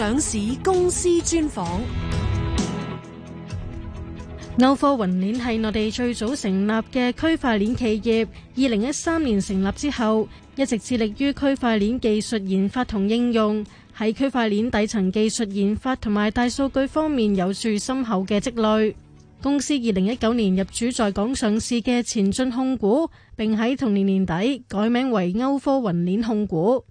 上市公司專訪。歐科雲鏈係內地最早成立嘅區塊鏈企業。二零一三年成立之後，一直致力於區塊鏈技術研發同應用，喺區塊鏈底層技術研發同埋大數據方面有住深厚嘅積累。公司二零一九年入主在港上市嘅前進控股，並喺同年年底改名為歐科雲鏈控股。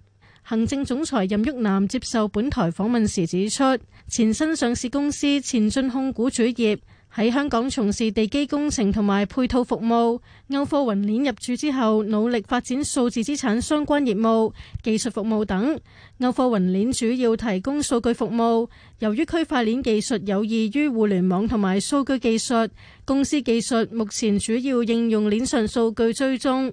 行政總裁任煜男接受本台訪問時指出，前身上市公司前進控股主業喺香港從事地基工程同埋配套服務，歐科雲鏈入主之後，努力發展數字資產相關業務、技術服務等。歐科雲鏈主要提供數據服務，由於區塊鏈技術有異於互聯網同埋數據技術，公司技術目前主要應用鏈上數據追蹤。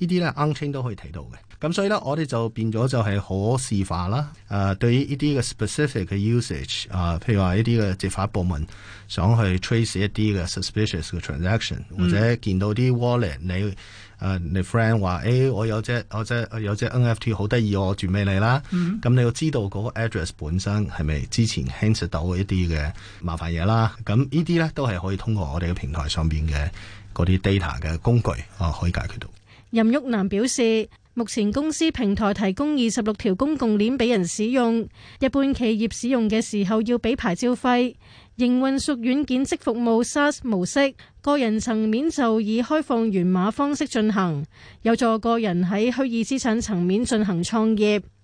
呢啲咧 Encryption 都可以睇到嘅。咁所以咧，我哋就變咗就係可視化啦。誒、呃，對於呢啲嘅 specific 嘅 usage 啊、呃，譬如話呢啲嘅執法部門，想去 trace 一啲嘅 suspicious 嘅 transaction，或者見到啲 wallet，你誒、呃、你 friend 話誒、欸、我有隻我隻有隻 NFT 好得意，我轉俾你啦。咁、嗯、你要知道嗰個 address 本身係咪之前 handle 到一啲嘅麻煩嘢啦？咁呢啲咧都係可以通過我哋嘅平台上邊嘅嗰啲 data 嘅工具啊、呃，可以解決到。任煜男表示，目前公司平台提供二十六條公共鏈俾人使用，一般企業使用嘅時候要俾牌照費，營運屬軟件即服務 SaaS 模式，個人層面就以開放源碼方式進行，有助個人喺虛擬資產層面進行創業。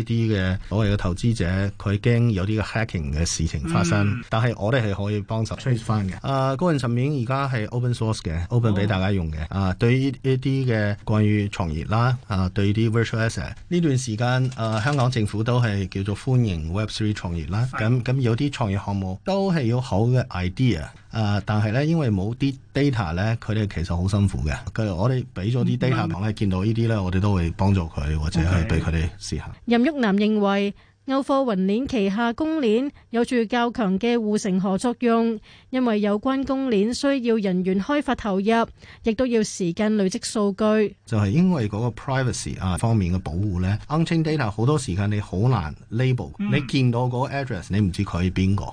呢啲嘅所謂嘅投資者，佢驚有啲嘅 hacking 嘅事情發生，嗯、但係我哋係可以幫手 trace 翻嘅。啊，個人層面而家係 open source 嘅，open 俾、哦、大家用嘅。啊，對於呢啲嘅關於創業啦，啊，對於啲 virtual asset 呢段時間，啊，香港政府都係叫做歡迎 Web3 創業啦。咁咁的有啲創業項目都係有好嘅 idea。啊、呃！但係咧，因為冇啲 data 咧，佢哋其實好辛苦嘅。跟住我哋俾咗啲 data 佢咧，見、嗯、到呢啲咧，我哋都會幫助佢或者係俾佢哋試下。Okay. 任煜男認為，歐科雲鏈旗下供鏈有住較強嘅護城河作用，因為有關供鏈需要人員開發投入，亦都要時間累積數據。就係因為嗰個 privacy 啊方面嘅保護咧，on-chain data 好多時間你好難 label、嗯。你見到嗰個 address，你唔知佢係邊個。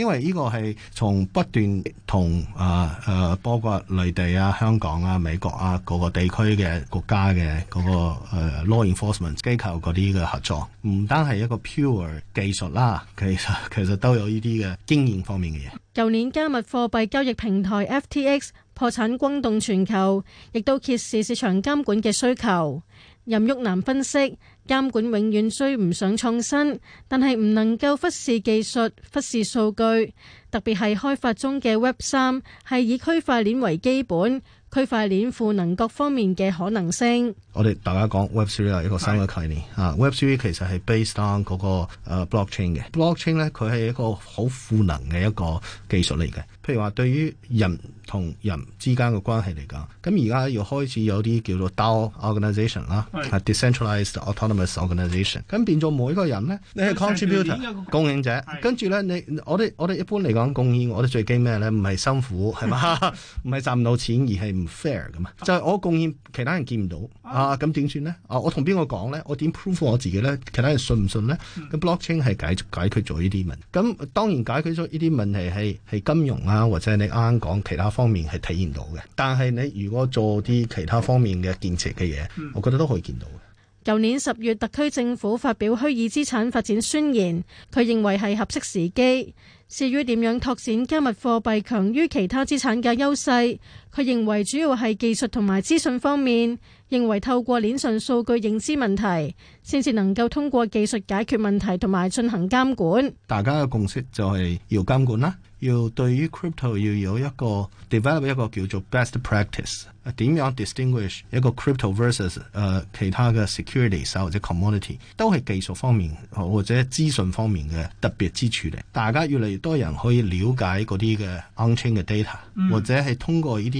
因為呢個係從不斷同啊誒，包括內地啊、香港啊、美國啊各個地區嘅國家嘅嗰個誒 law enforcement 機構嗰啲嘅合作，唔單係一個 pure 技術啦，啊，其實其實都有呢啲嘅經驗方面嘅嘢。舊年加密貨幣交易平台 FTX 破產轟動全球，亦都揭示市場監管嘅需求。任煜男分析。監管永遠追唔上創新，但係唔能夠忽視技術、忽視數據，特別係開發中嘅 Web 三，係以區塊鏈為基本。區塊鏈賦能各方面嘅可能性。我哋大家講 Web3 係一個新嘅概念啊。Web3 其實係 based on 嗰個誒 blockchain 嘅。blockchain 咧，佢係一個好賦能嘅一個技術嚟嘅。譬如話對於人同人之間嘅關係嚟講，咁而家要開始有啲叫做 DAO organization 啦，啊 decentralized autonomous organization 咁變咗每個人咧，你係 contributor 供應者，Sí. 跟住咧你我哋我哋一般嚟講貢獻我哋最驚咩咧？唔係辛苦係嘛，唔係賺唔到錢而係。fair 噶嘛？就係、是、我貢獻，其他人見唔到啊？咁點算呢？啊，我同邊個講呢？我點 prove 我自己呢？其他人信唔信呢？咁、嗯、 blockchain 係解 解決咗呢啲問題。咁當然解決咗呢啲問題係係金融啊，或者你啱啱講其他方面係體現到嘅。但係你如果做啲其他方面嘅建設嘅嘢，我覺得都可以見到嘅。舊、嗯、 年十月，特區政府發表虛擬資產發展宣言，佢認為係合適時機。至於點樣拓展加密貨幣強於其他資產嘅優勢？佢認為主要係技術同埋資訊方面，認為透過鏈上數據認知問題先至能夠通過技術解決問題同埋進行監管。大家嘅共識就係要監管啦，要對於 crypto 要有一個 develop 一個叫做 best practice，點樣 distinguish 一個 crypto versus 誒、呃、其他嘅 securities 或者 commodity，都係技術方面或者資訊方面嘅特別之處嚟。大家越嚟越多人可以了解啲嘅 on-chain 嘅 data，或者係通過呢啲。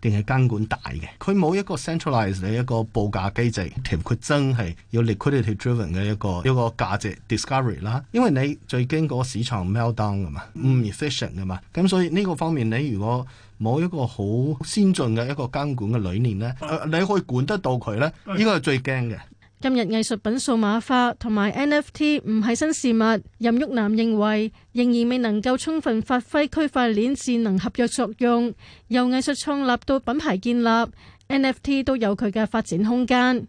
定係監管大嘅，佢冇一個 centralized 嘅一個報價機制，佢、mm hmm. 真係要 liquidity driven 嘅一個一個價值 discovery 啦。因為你最驚嗰個市場 meltdown 啊、mm hmm. 嘛，唔 efficient 啊嘛，咁所以呢個方面你如果冇一個好先進嘅一個監管嘅理念咧，誒、mm，hmm. 你可以管得到佢咧，呢個係最驚嘅。今日藝術品數碼化同埋 NFT 唔係新事物，任煜男認為仍然未能夠充分發揮區塊鏈智能合約作用，由藝術創立到品牌建立，NFT 都有佢嘅發展空間。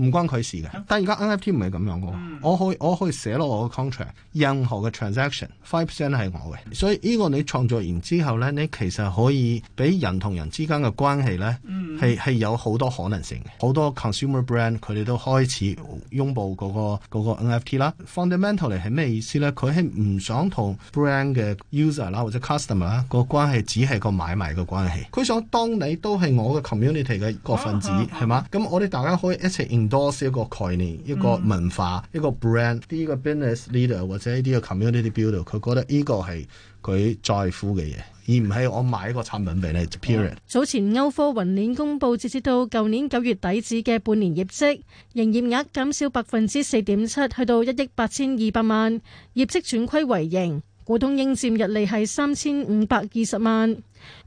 唔關佢事嘅，但而家 NFT 唔係咁樣嘅、嗯，我可以我可以寫落我個 contract，任何嘅 transaction five percent 係我嘅，所以呢個你創作完之後咧，你其實可以俾人同人之間嘅關係咧，係係有好多可能性嘅，好多 consumer brand 佢哋都開始擁抱、嗰個、嗰個 NFT 啦。嗯、Fundamentally 係咩意思咧？佢係唔想同 brand 嘅 user 啦或者 customer 啦、個關係只係個買賣嘅關係，佢想當你都係我嘅 community 嘅個分子係嘛？咁我哋大家可以一齊認。多少個概念、一個文化、一個 brand，呢個 business leader 或者呢個 community builder，佢覺得呢個係佢在乎嘅嘢，而唔係我買一個產品俾你。嗯、早前歐科雲鏈公佈截至到舊年九月底止嘅半年業績，營業額減少百分之四點七，去到一億八千二百萬，業績轉虧為盈。股東應佔溢利係三千五百二十萬，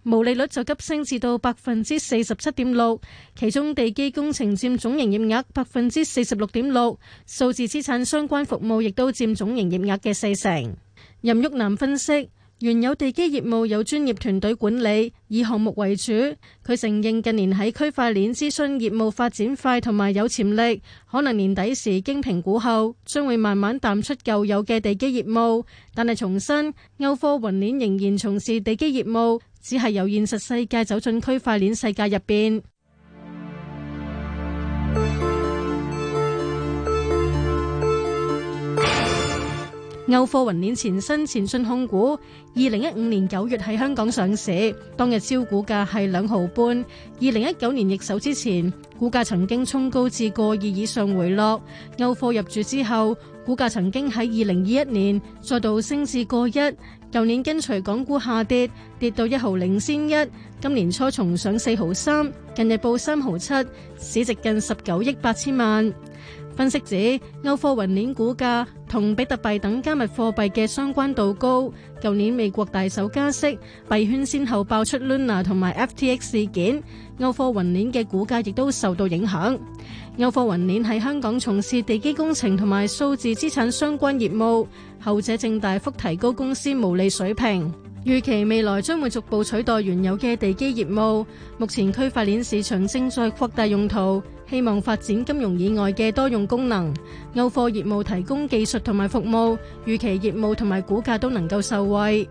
毛利率就急升至到百分之四十七點六，其中地基工程佔總營業額百分之四十六點六，數字資產相關服務亦都佔總營業額嘅四成。任煜男分析。原有地基業務有專業團隊管理，以項目為主。佢承認近年喺區塊鏈諮詢業務發展快同埋有潛力，可能年底時經評估後將會慢慢淡出舊有嘅地基業務，但係重申，歐科雲鏈仍然從事地基業務，只係由現實世界走進區塊鏈世界入邊。歐科雲鏈前身前進控股，二零一五年九月喺香港上市，當日招股價係兩毫半。二零一九年易手之前，股價曾經衝高至過二以上回落。歐科入主之後，股價曾經喺二零二一年再度升至過一。舊年跟隨港股下跌，跌到一毫零先一。今年初重上四毫三，近日報三毫七，市值近十九億八千萬。分析指，歐科雲鏈股價同比特幣等加密貨幣嘅相關度高。舊年美國大手加息，幣圈先後爆出 Luna 同埋 FTX 事件，歐科雲鏈嘅股價亦都受到影響。歐科雲鏈喺香港從事地基工程同埋數字資產相關業務，後者正大幅提高公司毛利水平。預期未來將會逐步取代原有嘅地基業務。目前區塊鏈市場正在擴大用途，希望發展金融以外嘅多用功能，歐貨業務提供技術同埋服務，預期業務同埋股價都能夠受惠。